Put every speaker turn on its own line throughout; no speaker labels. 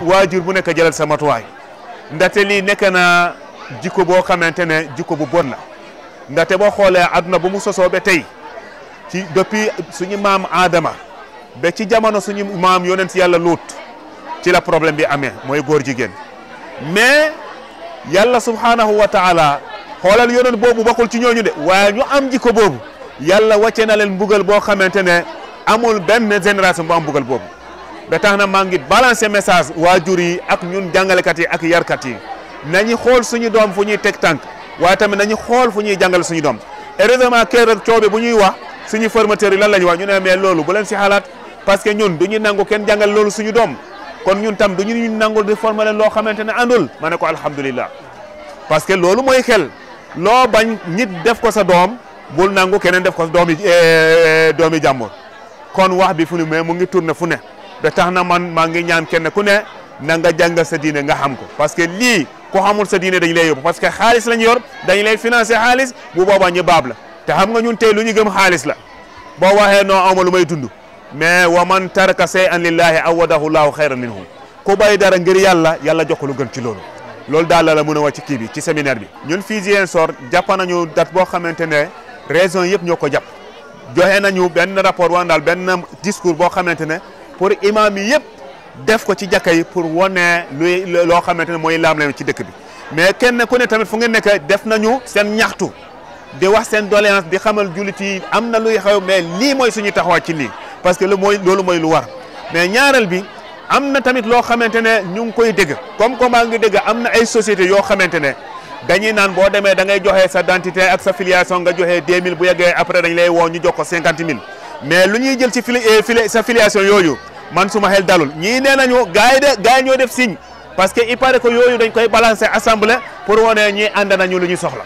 waajur bu nekk jëlal sa matuwaay ndaxte lii nekk na jikko boo xamante ne jikko bu bon la ndaxte boo xoolee àdduna bu mu sosoo ba tey ci depuis suñu maam aadama ba ci jamono suñu maam yonent yàlla luut ci la problème bi amee mooy góor jigéen mais yàlla subhanahu wa taala xoolal yonent boobu bokkul ci ñooñu de waaye ñu am jikko boobu yàlla wàcce na leen mbugal boo xamante ne amul benn génération bu am mbugal boobu ba tax na maa ngi balancer message waajur yi ak ñun jàngalekat yi ak yarkat yi nañu xool suñu doom fu ñuy teg tànk waaye tamit nañu xool fu ñuy jàngal suñu doom heureusement kër ak coobe bu ñuy wax suñu formateur yi lan la ñu wax ñu ne mais loolu bu leen si xalaat parce que ñun du ñu nangu kenn jàngal loolu suñu doom kon ñun tam du ñu nangu di former leen loo xamante ne àndul ma ne ko alhamdulillah parce que loolu mooy xel loo bañ nit def ko sa doom bul nangu keneen def ko sa doomi eh, eh, eh, doomi jàmbur kon wax bi fu mais mu ngi tourné fu ne da tax na man maa ngi ñaan kenn ku ne na nga jàngal sa diine nga xam ko parce que lii ku xamul sa diine dañ lay yóbbu parce que xaalis lañ yor dañ lay financé xaalis bu boobaa ñu baab la te xam nga ñun tey lu ñu gëm xaalis la boo waxee noo awma lu may dund mais wa man taraka say an lillahi awadahu llahu xayran minhu ku bàyyi dara ngir yàlla yàlla jox ko lu gën ci loolu loolu daal la la mën a wax ci kii bi ci séminaire bi ñun fii Ziguinchor jàpp nañu date boo xamante ne région yëpp ñoo ko jàpp joxe nañu benn rapport wala daal benn discours boo xamante ne pour imam yi yëpp def ko ci jàkka yi pour wane luy loo xamante ne mooy laam leen ci dëkk bi mais kenn ku ne tamit fu ngeen nekk def nañu seen ñaxtu di wax seen doléance di xamal jullit yi am na luy xew mais lii mooy suñu taxawaay ci lii parce que lu mooy loolu mooy lu war mais ñaareel bi am na tamit loo xamante ne ñu ngi koy dégg comme comme maa ngi dégg am na ay société yoo xamante ne dañuy naan boo demee da ngay joxe sa identité ak sa filiation nga joxe 2000 bu yeggee après dañ lay woo ñu jox ko 50 000 mais lu ñuy jël ci fili eh, fili sa filiation yooyu man suma xel dalul ñii nee nañu gars yi de ñoo def signe parce que il paraît que yooyu dañ koy balancer assemblée pour wane ñi ànd nañu lu ñu soxla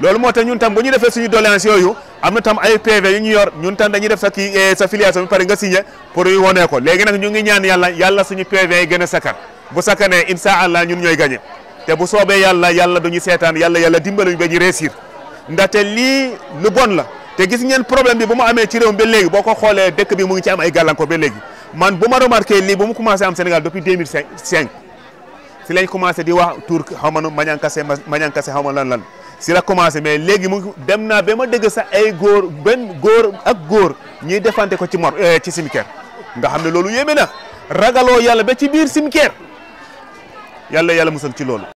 loolu moo tax ñun tam bu ñu defee suñu doléance yooyu am na tam ay PV yu ñu yor ñun tam dañuy def sa kii eh, sa filiation bi pare nga signé pour ñu wane ko léegi nag ñu ngi ñaan yàlla yàlla suñu PV yi gën a sakkan bu sakkanee incha allah ñun ñooy gagné te bu soobee yàlla yàlla duñu seetaan yàlla yàlla dimbaluñ ba ñu réussir ndaxte lii lu bon la. te gis ngeen problème bi ba mu amee ci réew mi ba léegi boo ko xoolee dëkk bi mu ngi ci am ay gàllankoor ba léegi man bu ma remarqué lii bu mu commencé am Sénégal depuis 2005 si lañ commencé di wax tur xaw ma nu mañankase mañankase xaw ma lan lan si la commencé mais léegi mu dem naa ba ma dégg sax ay góor benn góor ak góor ñuy defante ko ci mor euh, ci cimetière nga xam ne loolu yéeme na ragaloo yàlla ba ci biir cimetière yàlla yàlla musal ci loolu